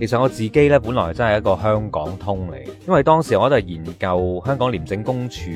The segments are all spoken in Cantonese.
其實我自己咧，本來真係一個香港通嚟，因為當時我喺度研究香港廉政公署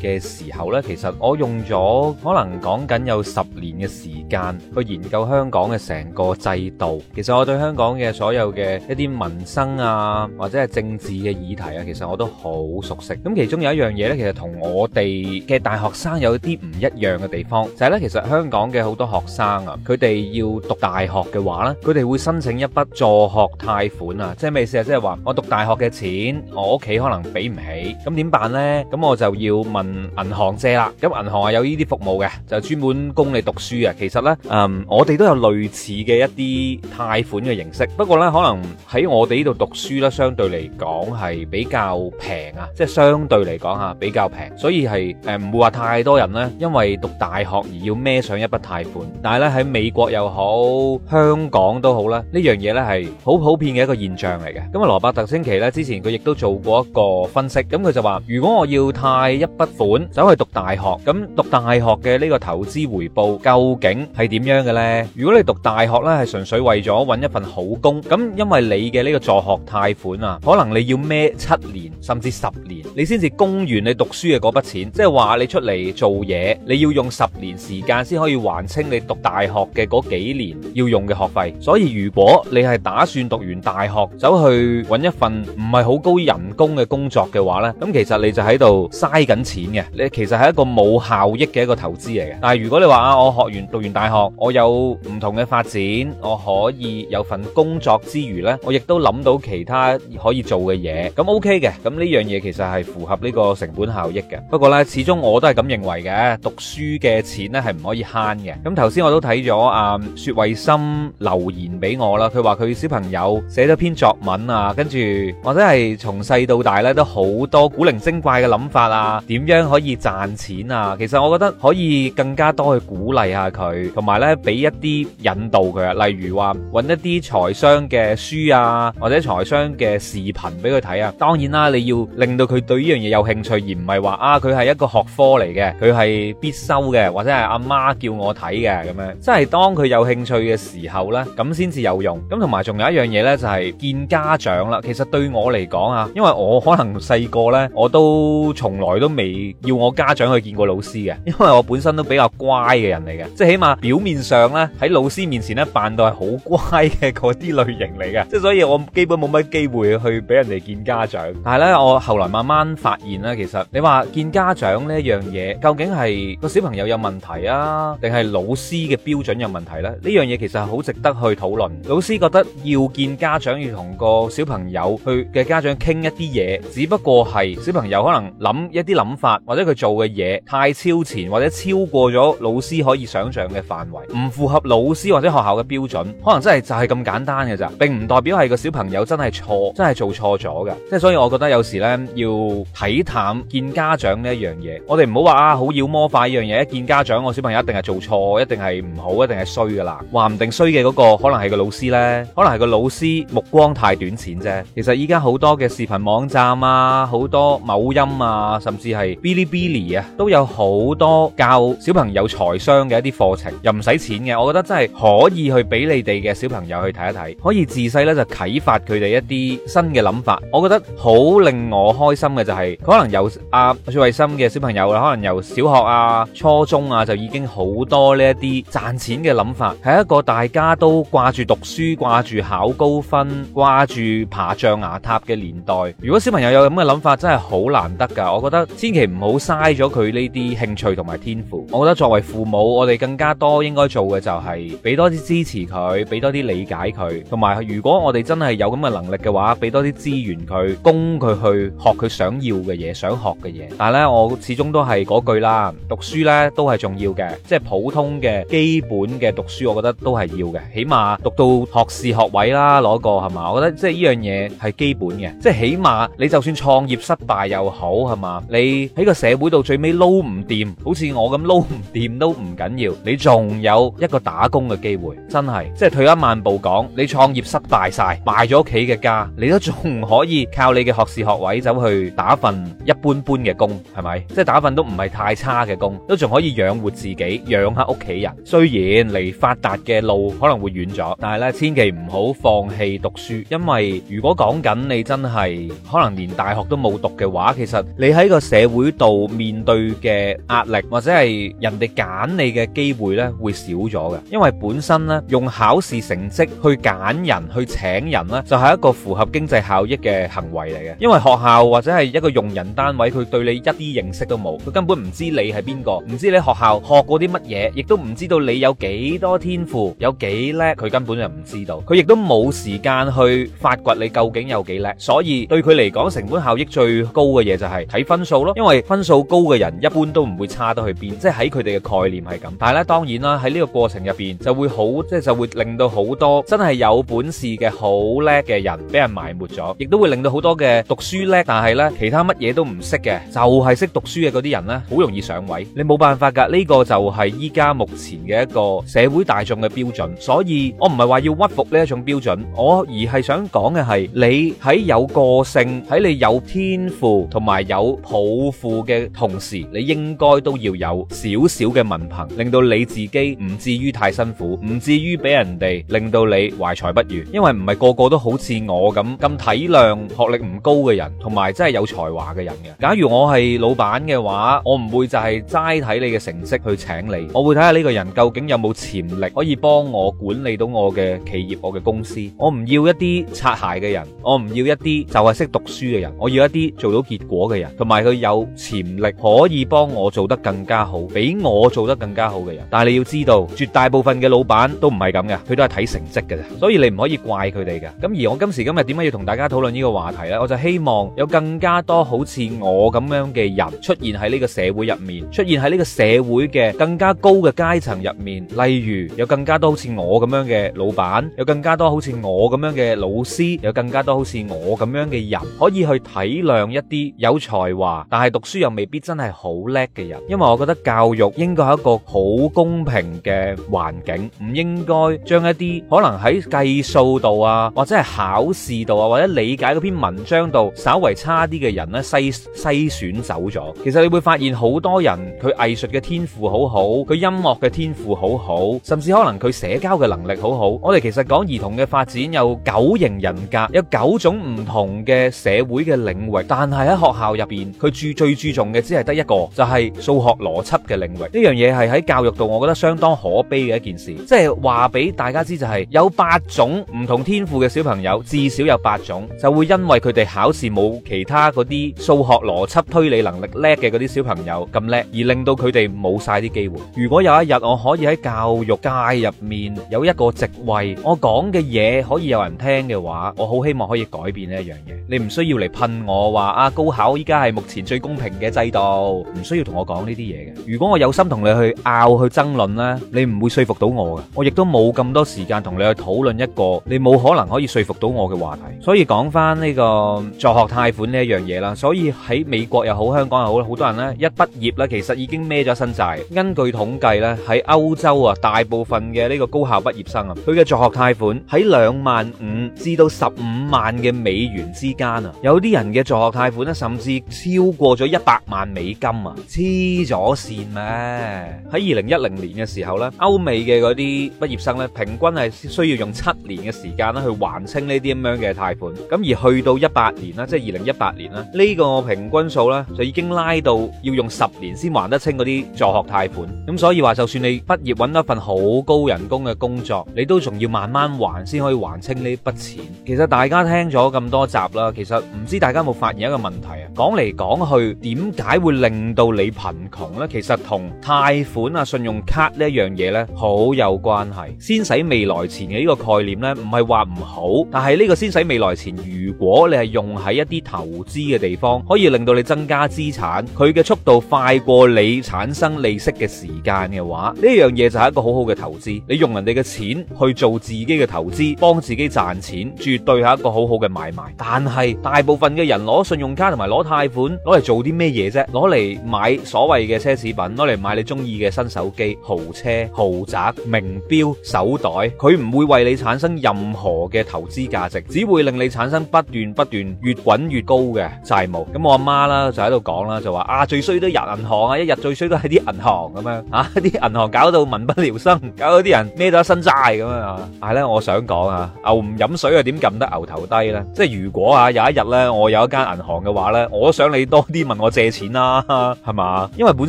嘅時候呢，其實我用咗可能講緊有十年嘅時間去研究香港嘅成個制度。其實我對香港嘅所有嘅一啲民生啊，或者係政治嘅議題啊，其實我都好熟悉。咁其中有一樣嘢呢，其實同我哋嘅大學生有啲唔一樣嘅地方，就係呢，其實香港嘅好多學生啊，佢哋要讀大學嘅話呢，佢哋會申請一筆助學貸款啊，即係咩事啊？即係話我讀大學嘅錢，我屋企可能俾唔起，咁點辦咧？咁我就要問銀行借啦。咁銀行係有呢啲服務嘅，就專門供你讀書啊。其實咧，嗯，我哋都有類似嘅一啲貸款嘅形式，不過咧可能喺我哋呢度讀書咧，相對嚟講係比較平啊，即係相對嚟講啊比較平，所以係誒唔會話太多人咧，因為讀大學而要孭上一筆貸款。但係咧喺美國又好，香港都好啦，呢樣嘢咧係好普遍。一個現象嚟嘅，咁啊羅伯特清崎咧，之前佢亦都做過一個分析，咁佢就話，如果我要貸一筆款走去讀大學，咁讀大學嘅呢個投資回報究竟係點樣嘅咧？如果你讀大學咧係純粹為咗搵一份好工，咁因為你嘅呢個助學貸款啊，可能你要孭七年甚至十年，你先至供完你讀書嘅嗰筆錢，即係話你出嚟做嘢，你要用十年時間先可以還清你讀大學嘅嗰幾年要用嘅學費，所以如果你係打算讀完大學走去揾一份唔係好高人工嘅工作嘅話呢，咁其實你就喺度嘥緊錢嘅，你其實係一個冇效益嘅一個投資嚟嘅。但係如果你話啊，我學完讀完大學，我有唔同嘅發展，我可以有份工作之餘呢，我亦都諗到其他可以做嘅嘢，咁 OK 嘅。咁呢樣嘢其實係符合呢個成本效益嘅。不過呢，始終我都係咁認為嘅，讀書嘅錢呢，係唔可以慳嘅。咁頭先我都睇咗啊薛慧心留言俾我啦，佢話佢小朋友。寫咗篇作文啊，跟住或者係從細到大咧都好多古靈精怪嘅諗法啊，點樣可以賺錢啊？其實我覺得可以更加多去鼓勵下佢，同埋咧俾一啲引導佢啊，例如話揾一啲財商嘅書啊，或者財商嘅視頻俾佢睇啊。當然啦，你要令到佢對呢樣嘢有興趣，而唔係話啊佢係一個學科嚟嘅，佢係必修嘅，或者係阿媽叫我睇嘅咁樣。即係當佢有興趣嘅時候呢，咁先至有用。咁同埋仲有一樣嘢呢。就係見家長啦，其實對我嚟講啊，因為我可能細個咧，我都從來都未要我家長去見過老師嘅，因為我本身都比較乖嘅人嚟嘅，即係起碼表面上咧喺老師面前咧扮到係好乖嘅嗰啲類型嚟嘅，即係所以我基本冇乜機會去俾人哋見家長。但係咧，我後來慢慢發現啦，其實你話見家長呢樣嘢，究竟係個小朋友有問題啊，定係老師嘅標準有問題咧？呢樣嘢其實係好值得去討論。老師覺得要見家長。家長要同個小朋友去嘅家長傾一啲嘢，只不過係小朋友可能諗一啲諗法，或者佢做嘅嘢太超前，或者超過咗老師可以想象嘅範圍，唔符合老師或者學校嘅標準，可能真係就係咁簡單嘅咋。並唔代表係個小朋友真係錯，真係做錯咗嘅。即係所以，我覺得有時呢，要睇淡見家長呢一樣嘢，我哋唔好話，啊，好妖魔化呢樣嘢。一見家長，個小朋友一定係做錯，一定係唔好，一定係衰嘅啦。話唔定衰嘅嗰個可能係個老師呢，可能係個老師。目光太短淺啫，其實依家好多嘅視頻網站啊，好多某音啊，甚至係嗶哩嗶哩啊，都有好多教小朋友財商嘅一啲課程，又唔使錢嘅，我覺得真係可以去俾你哋嘅小朋友去睇一睇，可以自細咧就啟發佢哋一啲新嘅諗法。我覺得好令我開心嘅就係、是，可能由阿雪慧心嘅小朋友啦，可能由小學啊、初中啊就已經好多呢一啲賺錢嘅諗法，係一個大家都掛住讀書、掛住考高分掛住爬象牙塔嘅年代，如果小朋友有咁嘅諗法，真係好難得噶。我覺得千祈唔好嘥咗佢呢啲興趣同埋天賦。我覺得作為父母，我哋更加多應該做嘅就係俾多啲支持佢，俾多啲理解佢，同埋如果我哋真係有咁嘅能力嘅話，俾多啲資源佢，供佢去學佢想要嘅嘢，想學嘅嘢。但係咧，我始終都係嗰句啦，讀書呢都係重要嘅，即係普通嘅基本嘅讀書，我覺得都係要嘅，起碼讀到學士學位啦，攞個係嘛？我覺得即係呢樣嘢係基本嘅，即係起碼你就算創業失敗又好，係嘛？你喺個社會度最尾撈唔掂，好似我咁撈唔掂都唔緊要，你仲有一個打工嘅機會，真係即係退一萬步講，你創業失敗晒，賣咗屋企嘅家，你都仲可以靠你嘅學士學位走去打一份一般般嘅工，係咪？即係打份都唔係太差嘅工，都仲可以養活自己，養下屋企人。雖然離發達嘅路可能會遠咗，但係咧，千祈唔好放棄。你讀書，因為如果講緊你真係可能連大學都冇讀嘅話，其實你喺個社會度面對嘅壓力或者係人哋揀你嘅機會呢，會少咗嘅，因為本身呢，用考試成績去揀人去請人呢，就係一個符合經濟效益嘅行為嚟嘅，因為學校或者係一個用人單位佢對你一啲認識都冇，佢根本唔知你係邊個，唔知你學校學過啲乜嘢，亦都唔知道你有幾多天賦，有幾叻，佢根本就唔知道，佢亦都冇時。間去發掘你究竟有幾叻，所以對佢嚟講成本效益最高嘅嘢，就係睇分數咯，因為分數高嘅人一般都唔會差得去邊，即係喺佢哋嘅概念係咁。但係咧，當然啦，喺呢個過程入邊就會好，即係就會令到好多真係有本事嘅好叻嘅人俾人埋沒咗，亦都會令到好多嘅讀書叻但係咧其他乜嘢都唔識嘅，就係識讀書嘅嗰啲人咧，好容易上位。你冇辦法噶，呢個就係依家目前嘅一個社會大眾嘅標準。所以我唔係話要屈服呢一種標準，我而係想講嘅係，你喺有個性，喺你有天賦同埋有抱負嘅同時，你應該都要有少少嘅文憑，令到你自己唔至於太辛苦，唔至於俾人哋令到你懷才不遇。因為唔係個個都好似我咁咁體諒學歷唔高嘅人，同埋真係有才華嘅人嘅。假如我係老闆嘅話，我唔會就係齋睇你嘅成績去請你，我會睇下呢個人究竟有冇潛力可以幫我管理到我嘅企業、我嘅公司。我唔。唔要一啲擦鞋嘅人，我唔要一啲就係識讀書嘅人，我要一啲做到結果嘅人，同埋佢有潛力可以幫我做得更加好，比我做得更加好嘅人。但係你要知道，絕大部分嘅老闆都唔係咁嘅，佢都係睇成績嘅啫，所以你唔可以怪佢哋嘅。咁而我今時今日點解要同大家討論呢個話題咧？我就希望有更加多好似我咁樣嘅人出現喺呢個社會入面，出現喺呢個社會嘅更加高嘅階層入面，例如有更加多好似我咁樣嘅老闆，有更加多好似我。我咁樣嘅老師，有更加多好似我咁樣嘅人可以去體諒一啲有才華但係讀書又未必真係好叻嘅人，因為我覺得教育應該係一個好公平嘅環境，唔應該將一啲可能喺計數度啊，或者係考試度啊，或者理解嗰篇文章度稍為差啲嘅人呢，篩篩選走咗。其實你會發現好多人佢藝術嘅天賦好好，佢音樂嘅天賦好好，甚至可能佢社交嘅能力好好。我哋其實講兒童嘅發展。有九型人格，有九種唔同嘅社會嘅領域，但係喺學校入邊，佢注最注重嘅只係得一個，就係數學邏輯嘅領域。呢樣嘢係喺教育度，我覺得相當可悲嘅一件事。即係話俾大家知，就係有八種唔同天賦嘅小朋友，至少有八種就會因為佢哋考試冇其他嗰啲數學邏輯推理能力叻嘅嗰啲小朋友咁叻，而令到佢哋冇晒啲機會。如果有一日我可以喺教育界入面有一個職位，我講嘅嘢可可以有人聽嘅話，我好希望可以改變呢一樣嘢。你唔需要嚟噴我話啊，高考依家係目前最公平嘅制度，唔需要同我講呢啲嘢嘅。如果我有心同你去拗去爭論咧，你唔會說服到我嘅。我亦都冇咁多時間同你去討論一個你冇可能可以說服到我嘅話題。所以講翻呢個助學貸款呢一樣嘢啦，所以喺美國又好，香港又好，好多人咧一畢業咧，其實已經孭咗身債。根據統計咧，喺歐洲啊，大部分嘅呢個高校畢業生啊，佢嘅助學貸款喺兩萬萬五至到十五萬嘅美元之間啊，有啲人嘅助學貸款咧，甚至超過咗一百萬美金啊，黐咗線咩？喺二零一零年嘅時候咧，歐美嘅嗰啲畢業生咧，平均係需要用七年嘅時間咧去還清呢啲咁樣嘅貸款。咁而去到一八年啦，即係二零一八年啦，呢個平均數呢就已經拉到要用十年先還得清嗰啲助學貸款。咁所以話，就算你畢業揾到一份好高人工嘅工作，你都仲要慢慢還先可以還清呢筆錢，其實大家聽咗咁多集啦，其實唔知大家有冇發現一個問題啊？講嚟講去，點解會令到你貧窮呢？其實同貸款啊、信用卡呢樣嘢呢，好有關係。先使未來錢嘅呢個概念呢，唔係話唔好，但係呢個先使未來錢，如果你係用喺一啲投資嘅地方，可以令到你增加資產，佢嘅速度快過你產生利息嘅時間嘅話，呢樣嘢就係一個好好嘅投資。你用人哋嘅錢去做自己嘅投資，幫。自己賺錢，絕對係一個好好嘅買賣。但係大部分嘅人攞信用卡同埋攞貸款攞嚟做啲咩嘢啫？攞嚟買所謂嘅奢侈品，攞嚟買你中意嘅新手機、豪車、豪宅、名錶、手袋，佢唔會為你產生任何嘅投資價值，只會令你產生不斷不斷越滾越高嘅債務。咁我阿媽啦就喺度講啦，就話啊最衰都入銀行啊，一日最衰都係啲銀行咁樣啊，啊，啲銀行搞到民不聊生，搞到啲人孭咗一身債咁樣啊！但係咧，我想講啊～牛唔飲水啊，點撳得牛頭低呢？即係如果啊，有一日咧，我有一間銀行嘅話咧，我想你多啲問我借錢啦，啊，係嘛？因為本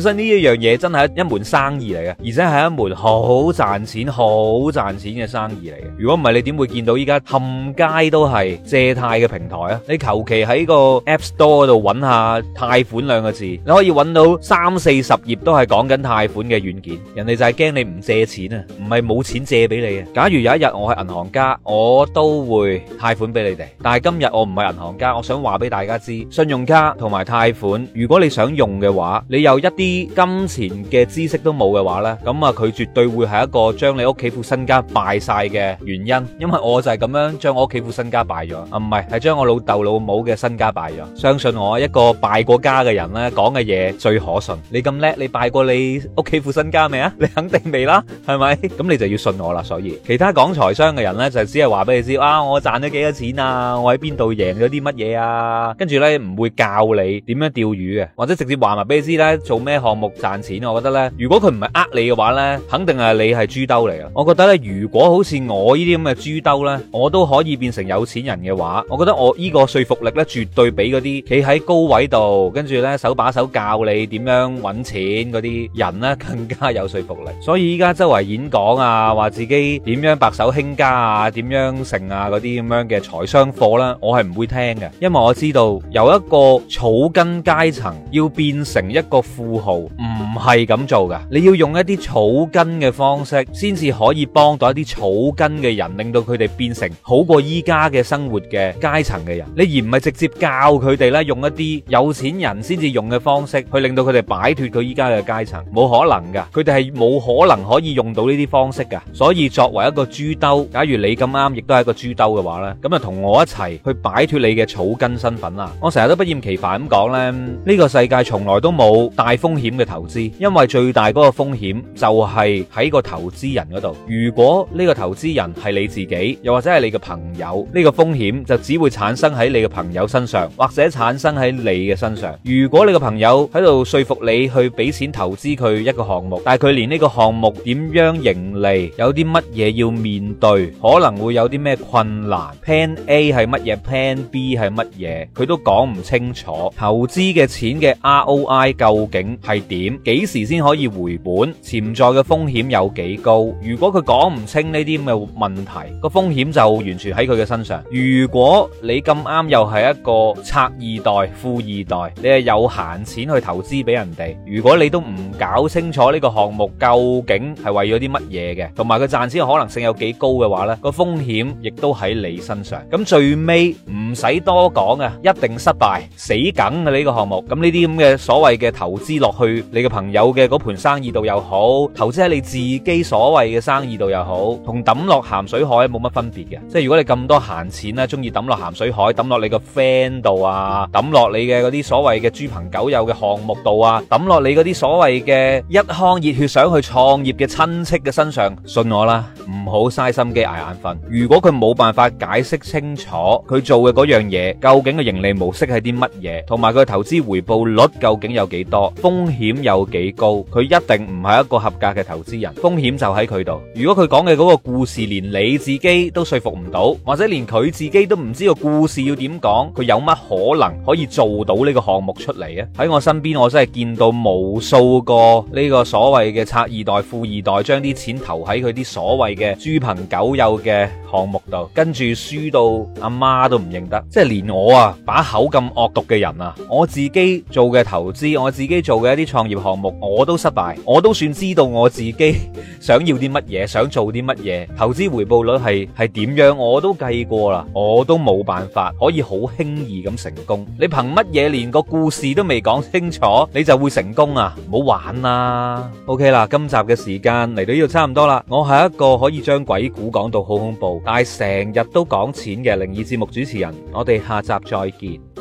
身呢一樣嘢真係一門生意嚟嘅，而且係一門好賺錢、好賺錢嘅生意嚟嘅。如果唔係，你點會見到依家冚街都係借貸嘅平台啊？你求其喺個 App Store 度揾下貸款兩個字，你可以揾到三四十頁都係講緊貸款嘅軟件。人哋就係驚你唔借錢啊，唔係冇錢借俾你啊。假如有一日我係銀行家，我我都會貸款俾你哋，但係今日我唔係銀行家，我想話俾大家知，信用卡同埋貸款，如果你想用嘅話，你有一啲金錢嘅知識都冇嘅話咧，咁啊佢絕對會係一個將你屋企副身家敗晒嘅原因，因為我就係咁樣將我屋企副身家敗咗啊，唔係，係將我老豆老母嘅身家敗咗。相信我一個敗過家嘅人咧，講嘅嘢最可信。你咁叻，你敗過你屋企副身家未啊？你肯定未啦，係咪？咁你就要信我啦。所以其他講財商嘅人咧就知。即係話俾你知，啊，我賺咗幾多錢啊，我喺邊度贏咗啲乜嘢啊？跟住咧唔會教你點樣釣魚啊，或者直接話埋俾你知咧做咩項目賺錢。我覺得咧，如果佢唔係呃你嘅話咧，肯定係你係豬兜嚟啊！我覺得咧，如果好似我呢啲咁嘅豬兜咧，我都可以變成有錢人嘅話，我覺得我呢個說服力咧，絕對比嗰啲企喺高位度，跟住咧手把手教你點樣搵錢嗰啲人咧更加有說服力。所以依家周圍演講啊，話自己點樣白手興家啊，點？央城啊，嗰啲咁樣嘅財商課啦，我係唔會聽嘅，因為我知道由一個草根階層要變成一個富豪，唔係咁做噶，你要用一啲草根嘅方式，先至可以幫到一啲草根嘅人，令到佢哋變成好過依家嘅生活嘅階層嘅人，你而唔係直接教佢哋咧用一啲有錢人先至用嘅方式，去令到佢哋擺脫佢依家嘅階層，冇可能噶，佢哋係冇可能可以用到呢啲方式噶，所以作為一個豬兜，假如你咁啊。啱，亦都係一個豬兜嘅話咧，咁啊同我一齊去擺脫你嘅草根身份啦！我成日都不厭其煩咁講咧，呢個世界從來都冇大風險嘅投資，因為最大嗰個風險就係喺個投資人嗰度。如果呢個投資人係你自己，又或者係你嘅朋友，呢個風險就只會產生喺你嘅朋友身上，或者產生喺你嘅身上。如果你嘅朋友喺度說服你去俾錢投資佢一個項目，但係佢連呢個項目點樣盈利，有啲乜嘢要面對，可能會。會有啲咩困難？Plan A 係乜嘢？Plan B 係乜嘢？佢都講唔清楚。投資嘅錢嘅 ROI 究竟係點？幾時先可以回本？潛在嘅風險有幾高？如果佢講唔清呢啲咁嘅問題，個風險就完全喺佢嘅身上。如果你咁啱又係一個拆二代、富二代，你係有閒錢去投資俾人哋。如果你都唔搞清楚呢個項目究竟係為咗啲乜嘢嘅，同埋佢賺錢嘅可能性有幾高嘅話咧，個風險亦都喺你身上，咁最尾唔使多講啊，一定失敗死梗嘅呢個項目。咁呢啲咁嘅所謂嘅投資落去，你嘅朋友嘅嗰盤生意度又好，投資喺你自己所謂嘅生意度又好，同抌落鹹水海冇乜分別嘅。即係如果你咁多閒錢啦，中意抌落鹹水海，抌落你個 friend 度啊，抌落你嘅嗰啲所謂嘅豬朋狗友嘅項目度啊，抌落你嗰啲所謂嘅一腔熱血想去創業嘅親戚嘅身上，信我啦，唔好嘥心機捱眼瞓。如果佢冇辦法解釋清楚佢做嘅嗰樣嘢，究竟嘅盈利模式係啲乜嘢，同埋佢投資回報率究竟有幾多，風險有幾高，佢一定唔係一個合格嘅投資人，風險就喺佢度。如果佢講嘅嗰個故事連你自己都說服唔到，或者連佢自己都唔知個故事要點講，佢有乜可能可以做到呢個項目出嚟啊？喺我身邊，我真係見到無數個呢個所謂嘅拆二代、富二代，將啲錢投喺佢啲所謂嘅豬朋狗友嘅。項目度，跟住輸到阿媽都唔認得，即係連我啊，把口咁惡毒嘅人啊，我自己做嘅投資，我自己做嘅一啲創業項目，我都失敗，我都算知道我自己想要啲乜嘢，想做啲乜嘢，投資回報率係係點樣，我都計過啦，我都冇辦法可以好輕易咁成功。你憑乜嘢連個故事都未講清楚，你就會成功啊？唔好玩啦。OK 啦，今集嘅時間嚟到呢度差唔多啦。我係一個可以將鬼故講到好恐怖，.但係成日都講錢嘅靈異節目主持人，我哋下集再見。